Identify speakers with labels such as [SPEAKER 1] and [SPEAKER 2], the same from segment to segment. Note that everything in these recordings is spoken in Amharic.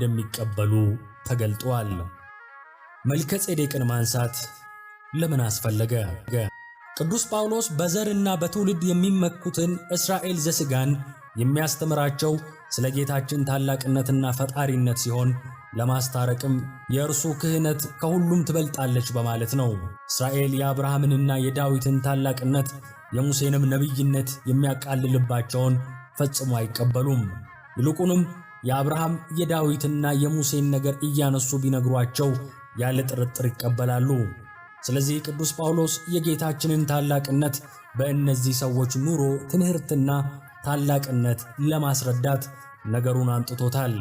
[SPEAKER 1] እንደሚቀበሉ ተገልጧል። መልከ ጼዴቅን ማንሳት ለምን አስፈለገ? ቅዱስ ጳውሎስ በዘርና በትውልድ የሚመኩትን እስራኤል ዘስጋን የሚያስተምራቸው ስለ ጌታችን ታላቅነትና ፈጣሪነት ሲሆን ለማስታረቅም የእርሱ ክህነት ከሁሉም ትበልጣለች በማለት ነው። እስራኤል የአብርሃምንና የዳዊትን ታላቅነት የሙሴንም ነቢይነት የሚያቃልልባቸውን ፈጽሞ አይቀበሉም። ይልቁንም የአብርሃም የዳዊትና የሙሴን ነገር እያነሱ ቢነግሯቸው ያለ ጥርጥር ይቀበላሉ። ስለዚህ ቅዱስ ጳውሎስ የጌታችንን ታላቅነት በእነዚህ ሰዎች ኑሮ ትምህርትና ታላቅነት ለማስረዳት ነገሩን አምጥቶታል።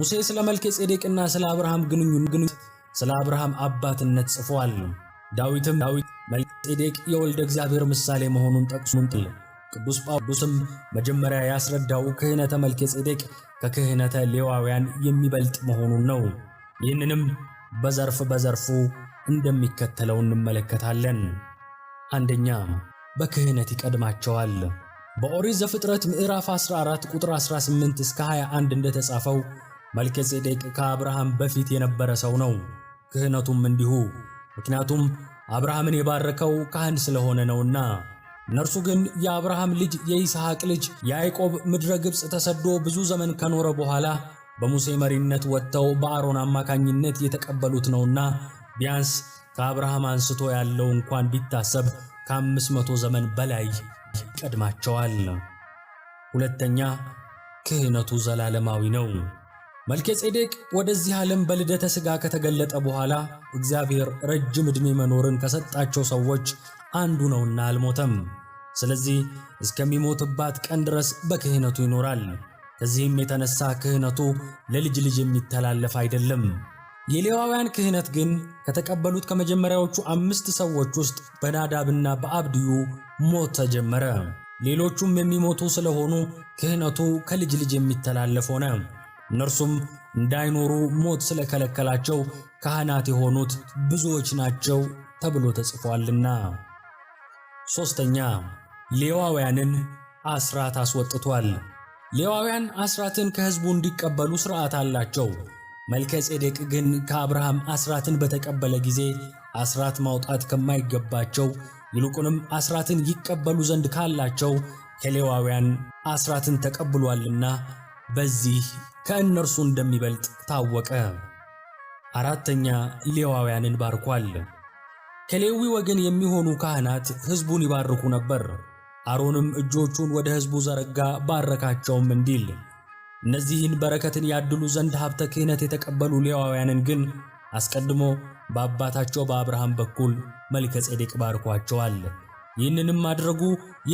[SPEAKER 1] ሙሴ ስለ መልከ ጼዴቅና ስለ አብርሃም ግንኙነት ስለ አብርሃም አባትነት ጽፏል። ዳዊትም ዳዊት መልከ ጼዴቅ የወልደ እግዚአብሔር ምሳሌ መሆኑን ጠቅሱንጥል ቅዱስ ጳውሎስም መጀመሪያ ያስረዳው ክህነተ መልከ ጼዴቅ ከክህነተ ሌዋውያን የሚበልጥ መሆኑን ነው። ይህንንም በዘርፍ በዘርፉ እንደሚከተለው እንመለከታለን። አንደኛ በክህነት ይቀድማቸዋል። በኦሪት ዘፍጥረት ምዕራፍ 14 ቁጥር 18 እስከ 21 እንደተጻፈው መልከ ጼዴቅ ከአብርሃም በፊት የነበረ ሰው ነው። ክህነቱም እንዲሁ ምክንያቱም አብርሃምን የባረከው ካህን ስለሆነ ነውና። እነርሱ ግን የአብርሃም ልጅ የይስሐቅ ልጅ ያዕቆብ ምድረ ግብፅ ተሰዶ ብዙ ዘመን ከኖረ በኋላ በሙሴ መሪነት ወጥተው በአሮን አማካኝነት የተቀበሉት ነውና ቢያንስ ከአብርሃም አንስቶ ያለው እንኳን ቢታሰብ ከአምስት መቶ ዘመን በላይ ይቀድማቸዋል። ሁለተኛ ክህነቱ ዘላለማዊ ነው። መልከ ጼዴቅ ወደዚህ ዓለም በልደተ ሥጋ ከተገለጠ በኋላ እግዚአብሔር ረጅም ዕድሜ መኖርን ከሰጣቸው ሰዎች አንዱ ነውና አልሞተም። ስለዚህ እስከሚሞትባት ቀን ድረስ በክህነቱ ይኖራል። ከዚህም የተነሳ ክህነቱ ለልጅ ልጅ የሚተላለፍ አይደለም። የሌዋውያን ክህነት ግን ከተቀበሉት ከመጀመሪያዎቹ አምስት ሰዎች ውስጥ በናዳብና በአብድዩ ሞት ተጀመረ። ሌሎቹም የሚሞቱ ስለሆኑ ክህነቱ ከልጅ ልጅ የሚተላለፍ ሆነ። እነርሱም እንዳይኖሩ ሞት ስለከለከላቸው ካህናት የሆኑት ብዙዎች ናቸው ተብሎ ተጽፏልና። ሶስተኛ ሌዋውያንን አስራት አስወጥቷል። ሌዋውያን አስራትን ከሕዝቡ እንዲቀበሉ ሥርዓት አላቸው። መልከ ጼዴቅ ግን ከአብርሃም አስራትን በተቀበለ ጊዜ አስራት ማውጣት ከማይገባቸው ይልቁንም አስራትን ይቀበሉ ዘንድ ካላቸው ከሌዋውያን አስራትን ተቀብሏልና በዚህ ከእነርሱ እንደሚበልጥ ታወቀ። አራተኛ ሌዋውያንን ባርኳል። ከሌዊ ወገን የሚሆኑ ካህናት ሕዝቡን ይባርኩ ነበር። አሮንም እጆቹን ወደ ሕዝቡ ዘረጋ ባረካቸውም እንዲል እነዚህን በረከትን ያድሉ ዘንድ ሀብተ ክህነት የተቀበሉ ሌዋውያንን ግን አስቀድሞ በአባታቸው በአብርሃም በኩል መልከ ጼዴቅ ባርኳቸዋል። ይህንንም ማድረጉ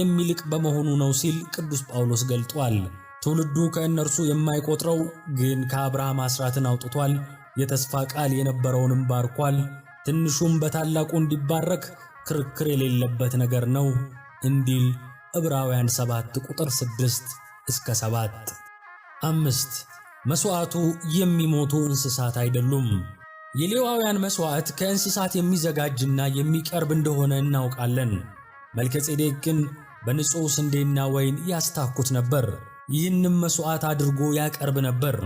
[SPEAKER 1] የሚልቅ በመሆኑ ነው ሲል ቅዱስ ጳውሎስ ገልጧል። ትውልዱ ከእነርሱ የማይቆጥረው ግን ከአብርሃም አስራትን አውጥቷል፣ የተስፋ ቃል የነበረውንም ባርኳል፣ ትንሹም በታላቁ እንዲባረክ ክርክር የሌለበት ነገር ነው እንዲል ዕብራውያን 7 ቁጥር 6 እስከ 7። አምስት መስዋዕቱ የሚሞቱ እንስሳት አይደሉም። የሌዋውያን መስዋዕት ከእንስሳት የሚዘጋጅና የሚቀርብ እንደሆነ እናውቃለን። መልከጼዴቅ ግን በንጹሕ ስንዴና ወይን ያስታኩት ነበር። ይህንም መስዋዕት አድርጎ ያቀርብ ነበር።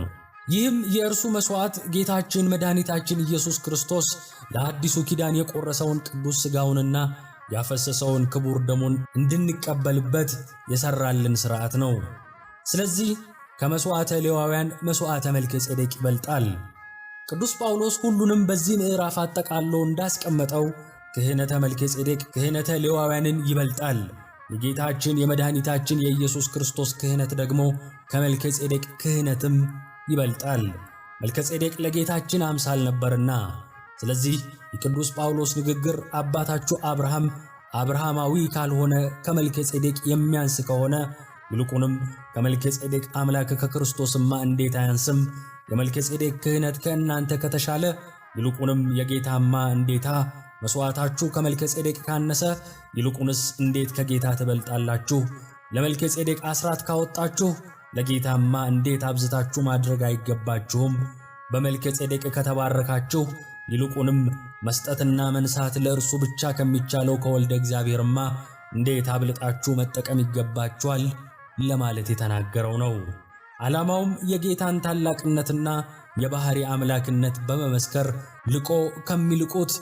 [SPEAKER 1] ይህም የእርሱ መስዋዕት ጌታችን መድኃኒታችን ኢየሱስ ክርስቶስ ለአዲሱ ኪዳን የቆረሰውን ቅዱስ ሥጋውንና ያፈሰሰውን ክቡር ደሙን እንድንቀበልበት የሰራልን ሥርዓት ነው። ስለዚህ ከመሥዋዕተ ሌዋውያን መሥዋዕተ መልከ ጼዴቅ ይበልጣል። ቅዱስ ጳውሎስ ሁሉንም በዚህ ምዕራፍ አጠቃሎ እንዳስቀመጠው ክህነተ መልከ ጼዴቅ ክህነተ ሌዋውያንን ይበልጣል። የጌታችን የመድኃኒታችን የኢየሱስ ክርስቶስ ክህነት ደግሞ ከመልከ ጼዴቅ ክህነትም ይበልጣል። መልከጼዴቅ ለጌታችን አምሳል ነበርና። ስለዚህ የቅዱስ ጳውሎስ ንግግር አባታችሁ አብርሃም አብርሃማዊ ካልሆነ ከመልከጼዴቅ የሚያንስ ከሆነ ይልቁንም ከመልከጼዴቅ አምላክ ከክርስቶስማ እንዴት አያንስም? የመልከጼዴቅ ክህነት ከእናንተ ከተሻለ ይልቁንም የጌታማ እንዴታ መሥዋዕታችሁ ከመልከጼዴቅ ካነሰ ይልቁንስ እንዴት ከጌታ ትበልጣላችሁ? ለመልከጼዴቅ አስራት ካወጣችሁ ለጌታማ እንዴት አብዝታችሁ ማድረግ አይገባችሁም? በመልከ ጼዴቅ ከተባረካችሁ ይልቁንም መስጠትና መንሳት ለእርሱ ብቻ ከሚቻለው ከወልደ እግዚአብሔርማ እንዴት አብልጣችሁ መጠቀም ይገባችኋል ለማለት የተናገረው ነው። ዓላማውም የጌታን ታላቅነትና የባሕሪ አምላክነት በመመስከር ልቆ ከሚልቁት